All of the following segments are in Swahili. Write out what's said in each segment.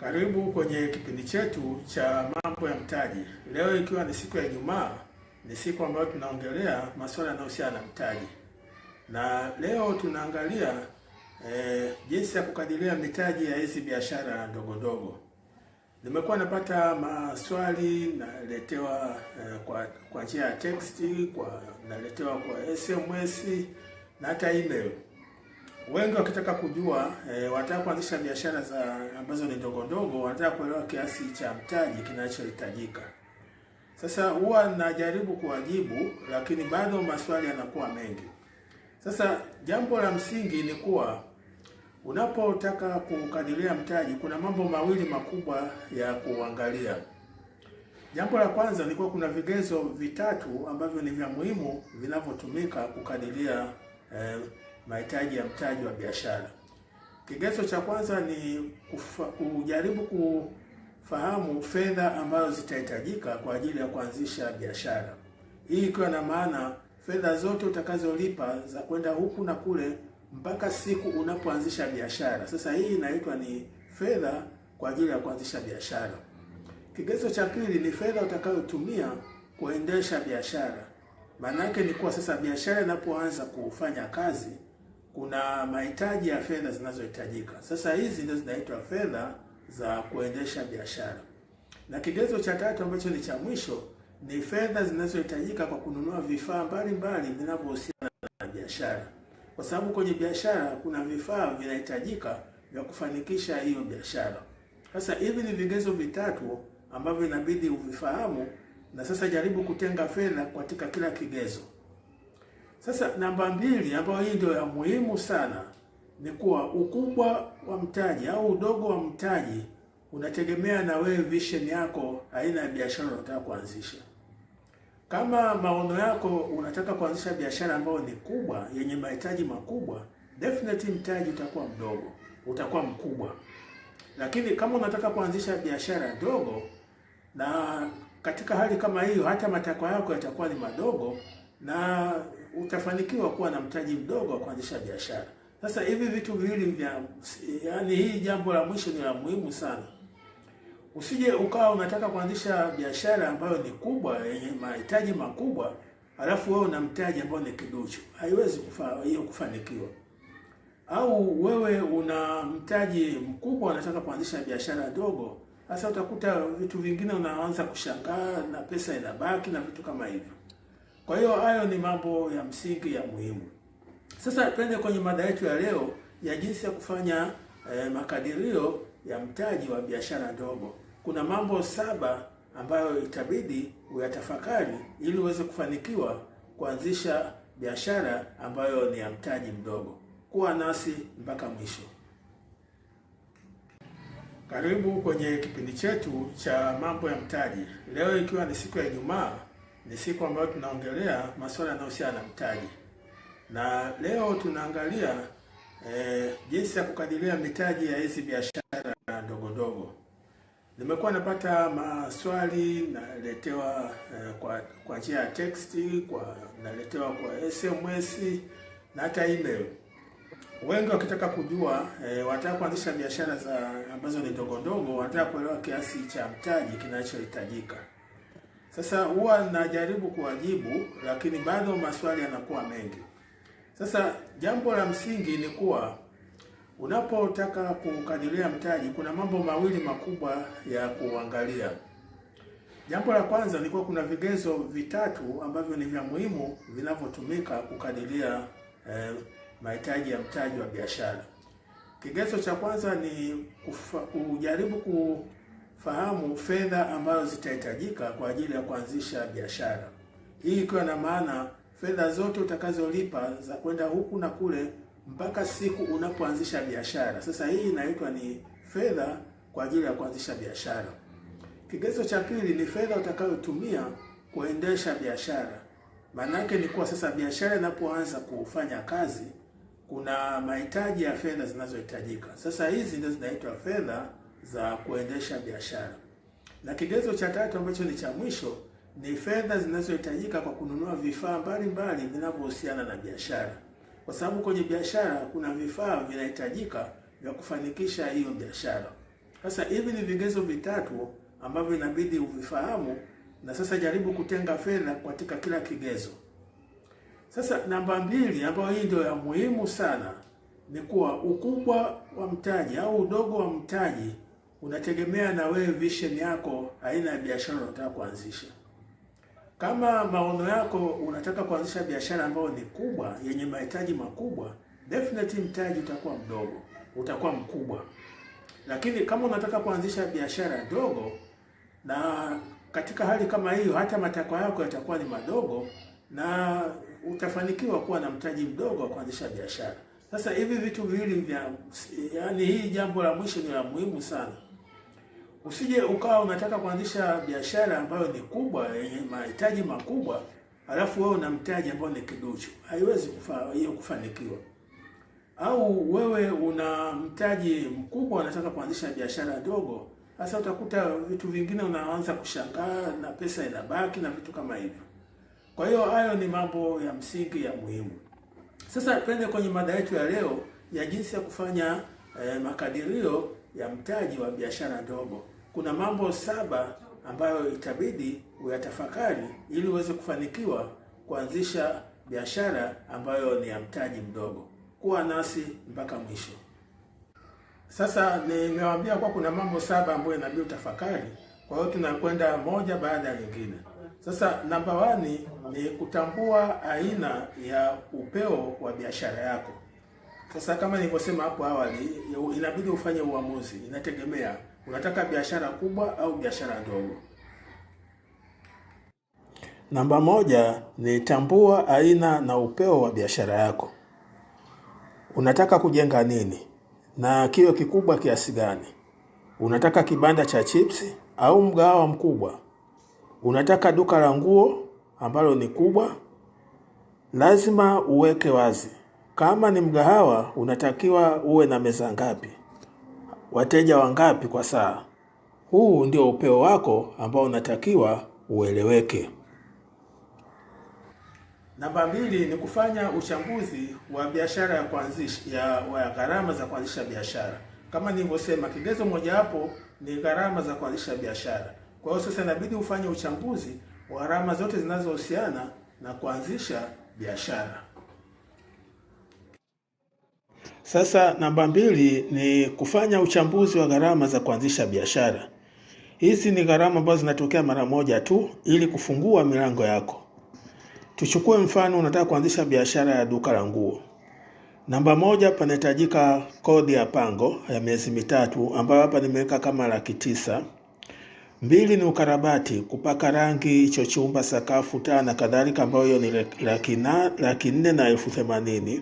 Karibu kwenye kipindi chetu cha mambo ya mtaji. Leo ikiwa ni siku ya Ijumaa, ni siku ambayo tunaongelea masuala yanayohusiana na mtaji, na leo tunaangalia eh, jinsi ya kukadiria mitaji ya hizi biashara ndogo ndogo. Nimekuwa napata maswali naletewa eh, kwa kwa njia ya text, kwa naletewa kwa SMS na hata email wengi wakitaka kujua e, wanataka kuanzisha biashara za ambazo ni ndogo ndogo, wanataka kuelewa kiasi cha mtaji kinachohitajika. Sasa huwa najaribu kuwajibu, lakini bado maswali yanakuwa mengi. Sasa jambo la msingi ni kuwa unapotaka kukadiria mtaji, kuna mambo mawili makubwa ya kuangalia. Jambo la kwanza ni kuwa kuna vigezo vitatu ambavyo ni vya muhimu vinavyotumika kukadiria eh, mahitaji ya mtaji wa biashara. Kigezo cha kwanza ni kufa, kujaribu kufahamu fedha ambazo zitahitajika kwa ajili ya kuanzisha biashara. Hii ikiwa na maana fedha zote utakazolipa za kwenda huku na kule mpaka siku unapoanzisha biashara. Sasa hii inaitwa ni fedha kwa ajili ya kuanzisha biashara. Kigezo cha pili ni fedha utakayotumia kuendesha biashara. Maana yake ni kuwa sasa biashara inapoanza kufanya kazi kuna mahitaji ya fedha zinazohitajika. Sasa hizi ndio zinaitwa fedha za kuendesha biashara. Na kigezo cha tatu ambacho ni cha mwisho ni fedha zinazohitajika kwa kununua vifaa mbalimbali vinavyohusiana na biashara, kwa sababu kwenye biashara kuna vifaa vinahitajika vya kufanikisha hiyo biashara. Sasa hivi ni vigezo vitatu ambavyo inabidi uvifahamu, na sasa jaribu kutenga fedha katika kila kigezo. Sasa namba mbili, ambayo hii ndio ya muhimu sana, ni kuwa ukubwa wa mtaji au udogo wa mtaji unategemea na wewe vision yako, aina ya biashara unataka kuanzisha. Kama maono yako unataka kuanzisha biashara ambayo ni kubwa yenye mahitaji makubwa, definitely mtaji utakuwa mdogo, utakuwa mkubwa. Lakini kama unataka kuanzisha biashara ndogo, na katika hali kama hiyo, hata matakwa yako yatakuwa ni madogo na utafanikiwa kuwa na mtaji mdogo wa kuanzisha biashara. Sasa hivi vitu viwili vya yaani, hii jambo la mwisho ni la muhimu sana. Usije ukawa unataka kuanzisha biashara ambayo ni kubwa yenye mahitaji makubwa, alafu wewe una mtaji ambao ni kiduchu, haiwezi kufa hiyo kufanikiwa. Au wewe una mtaji mkubwa unataka kuanzisha biashara ndogo, sasa utakuta vitu vingine unaanza kushangaa na pesa inabaki na vitu kama hivyo. Kwa hiyo hayo ni mambo ya msingi ya muhimu. Sasa twende kwenye mada yetu ya leo ya jinsi ya kufanya eh, makadirio ya mtaji wa biashara ndogo. Kuna mambo saba ambayo itabidi uyatafakari ili uweze kufanikiwa kuanzisha biashara ambayo ni ya mtaji mdogo. Kuwa nasi mpaka mwisho. Karibu kwenye kipindi chetu cha mambo ya mtaji, leo ikiwa ni siku ya Ijumaa ni siku ambayo tunaongelea masuala yanayohusiana na mtaji, na leo tunaangalia eh, jinsi ya kukadiria mitaji ya hizi biashara ndogo ndogo. Nimekuwa napata maswali naletewa eh, kwa kwa njia ya text, kwa naletewa kwa SMS na hata email, wengi wakitaka kujua eh, wanataka kuanzisha biashara za ambazo ni ndogo ndogo, wanataka kuelewa kiasi cha mtaji kinachohitajika sasa huwa najaribu kuwajibu, lakini bado maswali yanakuwa mengi. Sasa jambo la msingi ni kuwa unapotaka kukadiria mtaji, kuna mambo mawili makubwa ya kuangalia. Jambo la kwanza ni kuwa kuna vigezo vitatu ambavyo ni vya muhimu vinavyotumika kukadiria eh, mahitaji ya mtaji wa biashara. Kigezo cha kwanza ni kujaribu ku fahamu fedha ambazo zitahitajika kwa ajili ya kuanzisha biashara hii, ikiwa na maana fedha zote utakazolipa za kwenda huku na kule mpaka siku unapoanzisha biashara. Sasa hii inaitwa ni fedha kwa ajili ya kuanzisha biashara. Kigezo cha pili ni fedha utakayotumia kuendesha biashara. Maana yake ni kuwa sasa biashara inapoanza kufanya kazi kuna mahitaji ya fedha zinazohitajika. Sasa hizi ndizo zinaitwa fedha za kuendesha biashara. Na kigezo cha tatu ambacho ni cha mwisho ni fedha zinazohitajika kwa kununua vifaa mbalimbali vinavyohusiana na biashara, kwa sababu kwenye biashara kuna vifaa vinahitajika vya kufanikisha hiyo biashara. Sasa hivi ni vigezo vitatu ambavyo inabidi uvifahamu, na sasa jaribu kutenga fedha katika kila kigezo. Sasa namba mbili, ambayo hii ndio ya muhimu sana, ni kuwa ukubwa wa mtaji au udogo wa mtaji unategemea na wewe vision yako aina ya biashara unataka kuanzisha. Kama maono yako unataka kuanzisha biashara ambayo ni kubwa yenye mahitaji makubwa, definitely mtaji utakuwa mdogo, utakuwa mkubwa. Lakini kama unataka kuanzisha biashara ndogo, na katika hali kama hiyo, hata matakwa yako yatakuwa ni madogo na utafanikiwa kuwa na mtaji mdogo wa kuanzisha biashara. Sasa hivi vitu viwili vya, yaani hii jambo la mwisho ni la muhimu sana. Usije ukawa unataka kuanzisha biashara ambayo ni kubwa yenye mahitaji makubwa, alafu wewe una mtaji ambao ni kiduchu, haiwezi kufa hiyo kufanikiwa. Au wewe una mtaji mkubwa unataka kuanzisha biashara ndogo, sasa utakuta vitu vingine unaanza kushangaa na pesa inabaki na vitu kama hivyo. Kwa hiyo hayo ni mambo ya msingi ya muhimu. Sasa twende kwenye mada yetu ya leo ya jinsi ya kufanya eh, makadirio ya mtaji wa biashara ndogo kuna mambo saba ambayo itabidi uyatafakari ili uweze kufanikiwa kuanzisha biashara ambayo ni ya mtaji mdogo. Kuwa nasi mpaka mwisho. Sasa nimewaambia kuwa kuna mambo saba ambayo inabidi utafakari, kwa hiyo tunakwenda moja baada ya nyingine. Sasa namba wani ni kutambua aina ya upeo wa biashara yako. Sasa kama nilivyosema hapo awali, inabidi ufanye uamuzi, inategemea Unataka biashara kubwa au biashara ndogo? Namba moja ni tambua aina na upeo wa biashara yako. Unataka kujenga nini na kio kikubwa kiasi gani? Unataka kibanda cha chipsi au mgahawa mkubwa? Unataka duka la nguo ambalo ni kubwa? Lazima uweke wazi. Kama ni mgahawa, unatakiwa uwe na meza ngapi? wateja wangapi kwa saa. Huu ndio upeo wako ambao unatakiwa ueleweke. Namba mbili ni kufanya uchambuzi wa biashara ya kuanzisha ya, wa gharama za kuanzisha biashara. Kama nilivyosema, kigezo mojawapo ni gharama za kuanzisha biashara. Kwa hiyo sasa inabidi ufanye uchambuzi wa gharama zote zinazohusiana na kuanzisha biashara. Sasa namba mbili ni kufanya uchambuzi wa gharama za kuanzisha biashara. Hizi ni gharama ambazo zinatokea mara moja tu ili kufungua milango yako. Tuchukue mfano, unataka kuanzisha biashara ya duka la nguo. Namba moja, panahitajika kodi ya pango ya miezi mitatu ambayo hapa nimeweka kama laki tisa. Mbili ni ukarabati, kupaka rangi hicho chumba, sakafu, taa na kadhalika, ambayo hiyo ni laki nne na elfu themanini.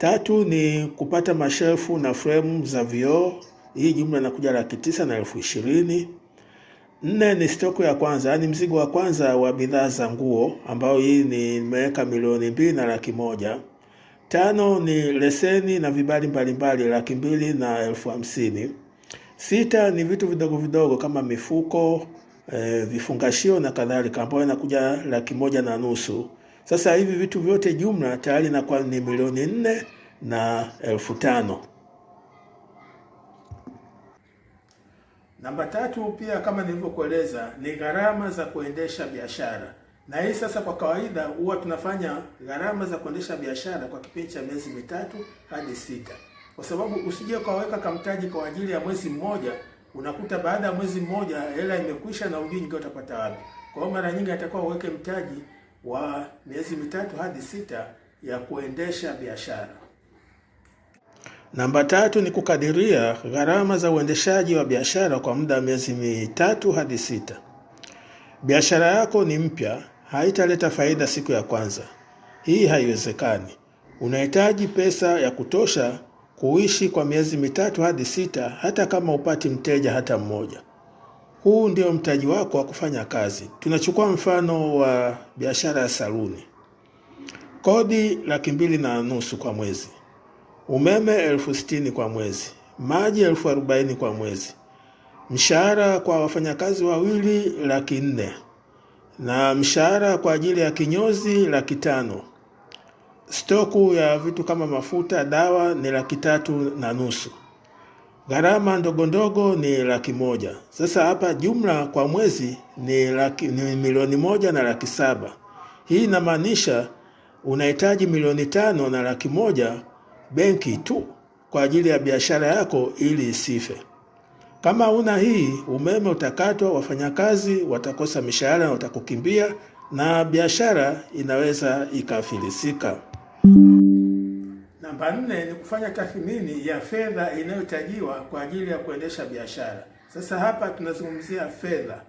Tatu ni kupata mashelfu na fremu za vioo, hii jumla inakuja laki tisa na elfu ishirini. Nne ni stoku ya kwanza, yaani mzigo wa kwanza wa bidhaa za nguo, ambayo hii ni nimeweka milioni mbili na laki moja. Tano ni leseni na vibali mbalimbali laki mbili na elfu hamsini. Sita ni vitu vidogo vidogo kama mifuko, e, vifungashio na kadhalika ambayo inakuja laki moja na nusu. Sasa hivi vitu vyote jumla tayari inakuwa ni milioni nne na elfu tano. Namba tatu, pia kama nilivyokueleza, ni gharama za kuendesha biashara, na hii sasa kwa kawaida huwa tunafanya gharama za kuendesha biashara kwa kipindi cha miezi mitatu hadi sita, kwa sababu usije ukaweka kamtaji kwa ajili ya mwezi mmoja, unakuta baada ya mwezi mmoja hela imekwisha na ujui nyingine utapata wapi. Kwa hiyo mara nyingi atakuwa uweke mtaji wa miezi mitatu hadi sita ya kuendesha biashara. Namba tatu ni kukadiria gharama za uendeshaji wa biashara kwa muda wa miezi mitatu hadi sita. Biashara yako ni mpya, haitaleta faida siku ya kwanza. Hii haiwezekani. Unahitaji pesa ya kutosha kuishi kwa miezi mitatu hadi sita, hata kama upati mteja hata mmoja. Huu ndio mtaji wako wa kufanya kazi. Tunachukua mfano wa biashara ya saluni, kodi laki mbili na nusu kwa mwezi, umeme elfu sitini kwa mwezi, maji elfu arobaini kwa mwezi, mshahara kwa wafanyakazi wawili laki nne na mshahara kwa ajili ya kinyozi laki tano. Stoku ya vitu kama mafuta, dawa ni laki tatu na nusu gharama ndogondogo ni laki moja. Sasa hapa jumla kwa mwezi ni, laki, ni milioni moja na laki saba. Hii inamaanisha unahitaji milioni tano na laki moja benki tu kwa ajili ya biashara yako ili isife. Kama una hii, umeme utakatwa, wafanyakazi watakosa mishahara na watakukimbia, na biashara inaweza ikafilisika. Namba nne ni kufanya tathmini ya fedha inayotajiwa kwa ajili ya kuendesha biashara. Sasa hapa tunazungumzia fedha,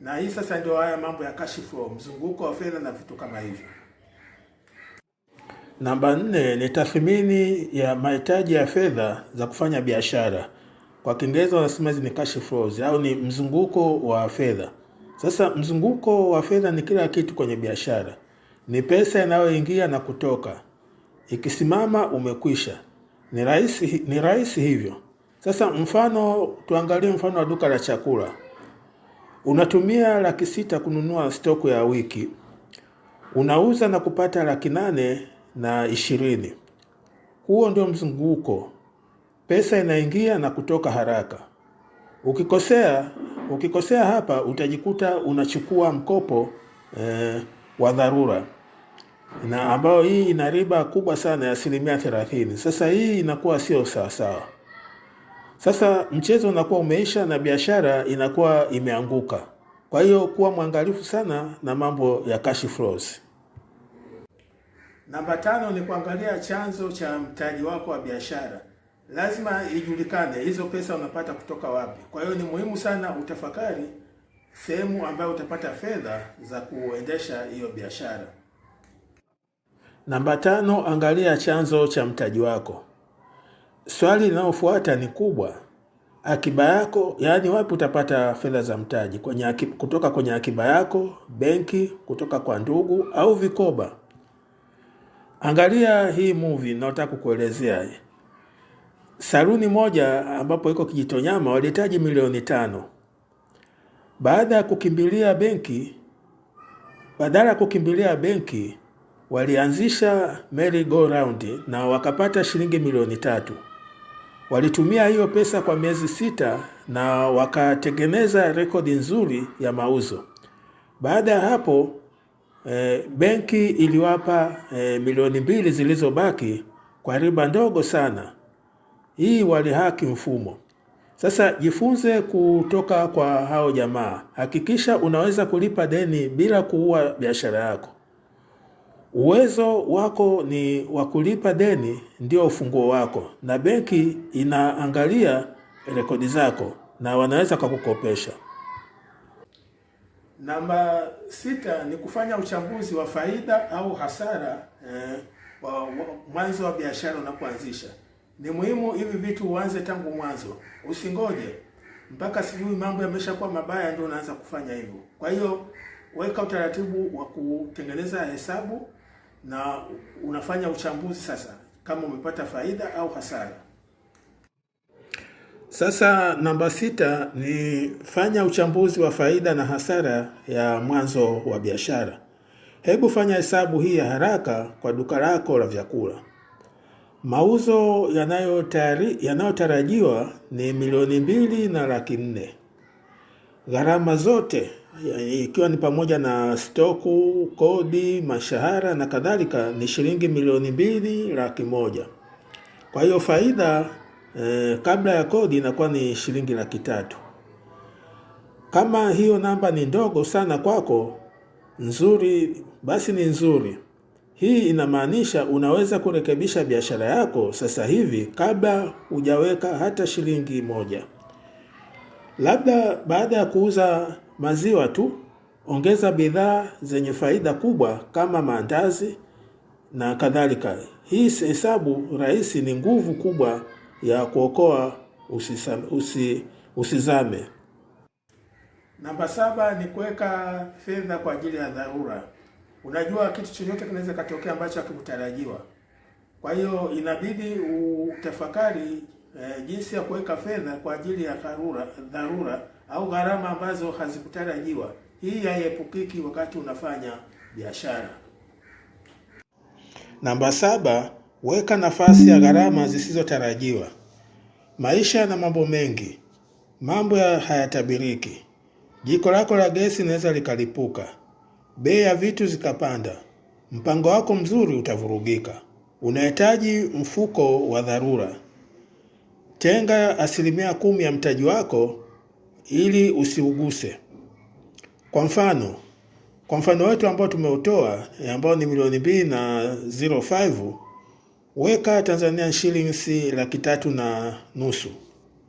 na hii sasa ndio haya mambo ya cash flow, mzunguko wa fedha na vitu kama hivyo. Namba nne ni tathmini ya mahitaji ya fedha za kufanya biashara, kwa Kiingereza wanasema hizi ni cash flows au ni mzunguko wa fedha. Sasa mzunguko wa fedha ni kila kitu kwenye biashara, ni pesa inayoingia na kutoka ikisimama umekwisha. Ni rahisi, ni rahisi hivyo. Sasa mfano tuangalie mfano wa duka la chakula. Unatumia laki sita kununua stoku ya wiki, unauza na kupata laki nane na ishirini. Huo ndio mzunguko, pesa inaingia na kutoka haraka. Ukikosea, ukikosea hapa utajikuta unachukua mkopo eh, wa dharura na ambayo hii ina riba kubwa sana ya asilimia thelathini. Sasa hii inakuwa sio sawasawa. Sasa mchezo unakuwa umeisha na biashara inakuwa imeanguka. Kwa hiyo kuwa mwangalifu sana na mambo ya cash flows. Namba tano ni kuangalia chanzo cha mtaji wako wa biashara. Lazima ijulikane hizo pesa unapata kutoka wapi. Kwa hiyo ni muhimu sana utafakari sehemu ambayo utapata fedha za kuendesha hiyo biashara. Namba tano, angalia chanzo cha mtaji wako. Swali linalofuata ni kubwa, akiba yako, yaani wapi utapata fedha za mtaji? Kwenye akiba, kutoka kwenye akiba yako, benki, kutoka kwa ndugu au vikoba? Angalia hii movie naotaka kukuelezea. Saluni moja ambapo iko Kijitonyama walihitaji milioni tano. Baada ya kukimbilia benki, badala ya kukimbilia benki walianzisha merry go round na wakapata shilingi milioni tatu. Walitumia hiyo pesa kwa miezi sita na wakatengeneza rekodi nzuri ya mauzo. Baada ya hapo e, benki iliwapa e, milioni mbili zilizobaki kwa riba ndogo sana. Hii walihaki mfumo. Sasa jifunze kutoka kwa hao jamaa. Hakikisha unaweza kulipa deni bila kuua biashara yako. Uwezo wako ni wa kulipa deni, ndio ufunguo wako, na benki inaangalia rekodi zako na wanaweza kukukopesha. Namba sita ni kufanya uchambuzi wa faida au hasara eh, wa, wa, mwanzo wa biashara unapoanzisha. Ni muhimu hivi vitu uanze tangu mwanzo, usingoje mpaka sijui mambo yameshakuwa mabaya ndio unaanza kufanya hivyo. Kwa hiyo weka utaratibu wa kutengeneza hesabu na unafanya uchambuzi sasa kama umepata faida au hasara. Sasa namba sita ni fanya uchambuzi wa faida na hasara ya mwanzo wa biashara. Hebu fanya hesabu hii ya haraka kwa duka lako la vyakula. Mauzo yanayotarajiwa ni milioni mbili na laki nne. Gharama zote ikiwa ni pamoja na stoku, kodi, mashahara na kadhalika ni shilingi milioni mbili laki moja. Kwa hiyo faida eh, kabla ya kodi inakuwa ni shilingi laki tatu. Kama hiyo namba ni ndogo sana kwako, nzuri basi ni nzuri. Hii inamaanisha unaweza kurekebisha biashara yako sasa hivi kabla hujaweka hata shilingi moja. Labda baada ya kuuza maziwa tu, ongeza bidhaa zenye faida kubwa kama maandazi na kadhalika. Hii hesabu rahisi ni nguvu kubwa ya kuokoa usisa, usi, usizame. Namba saba ni kuweka fedha kwa ajili ya dharura. Unajua kitu chochote kinaweza katokea ambacho hakikutarajiwa, kwa hiyo inabidi utafakari eh, jinsi ya kuweka fedha kwa ajili ya dharura, dharura au gharama ambazo hazikutarajiwa. Hii haiepukiki wakati unafanya biashara. Namba saba, weka nafasi ya gharama zisizotarajiwa. Maisha yana mambo mengi, mambo hayatabiriki. Jiko lako la gesi linaweza likalipuka, bei ya vitu zikapanda, mpango wako mzuri utavurugika. Unahitaji mfuko wa dharura. Tenga asilimia kumi ya mtaji wako ili usiuguse. Kwa mfano kwa mfano wetu ambao tumeutoa ambao ni milioni mbili na 05 weka Tanzania shillings laki tatu na nusu,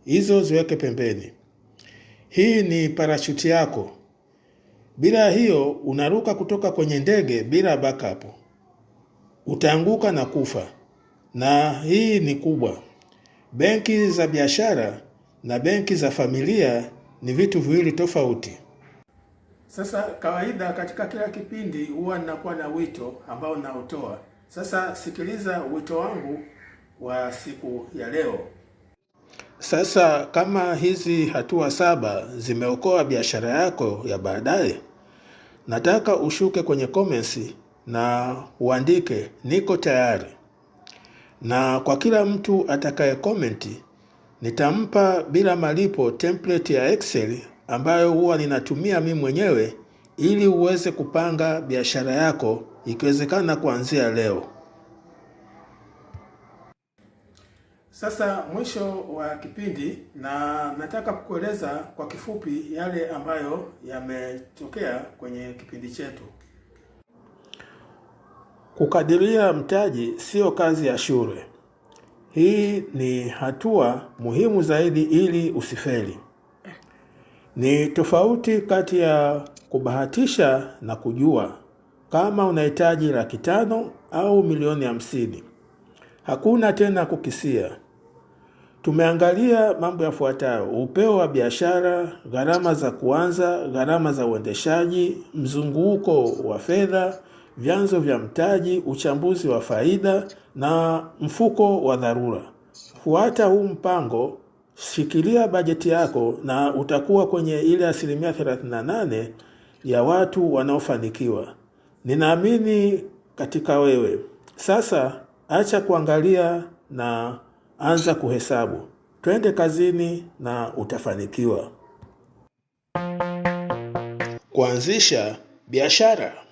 hizo ziweke pembeni. Hii ni parashuti yako. Bila hiyo unaruka kutoka kwenye ndege bila backup, utaanguka na kufa, na hii ni kubwa. Benki za biashara na benki za familia ni vitu viwili tofauti. Sasa kawaida, katika kila kipindi huwa ninakuwa na wito ambao naotoa. Sasa sikiliza wito wangu wa siku ya leo. Sasa kama hizi hatua saba zimeokoa biashara yako ya baadaye, nataka ushuke kwenye comments na uandike niko tayari, na kwa kila mtu atakaye komenti Nitampa bila malipo template ya Excel ambayo huwa ninatumia mimi mwenyewe ili uweze kupanga biashara yako ikiwezekana kuanzia leo. Sasa mwisho wa kipindi, na nataka kukueleza kwa kifupi yale ambayo yametokea kwenye kipindi chetu. Kukadiria mtaji sio kazi ya shule. Hii ni hatua muhimu zaidi ili usifeli. Ni tofauti kati ya kubahatisha na kujua. Kama unahitaji laki tano au milioni hamsini, hakuna tena kukisia. Tumeangalia mambo yafuatayo: upeo wa biashara, gharama za kuanza, gharama za uendeshaji, mzunguko wa fedha, vyanzo vya mtaji, uchambuzi wa faida na mfuko wa dharura. Fuata huu mpango, shikilia bajeti yako na utakuwa kwenye ile asilimia 38 ya watu wanaofanikiwa. Ninaamini katika wewe. Sasa acha kuangalia na anza kuhesabu. Twende kazini na utafanikiwa. Kuanzisha biashara.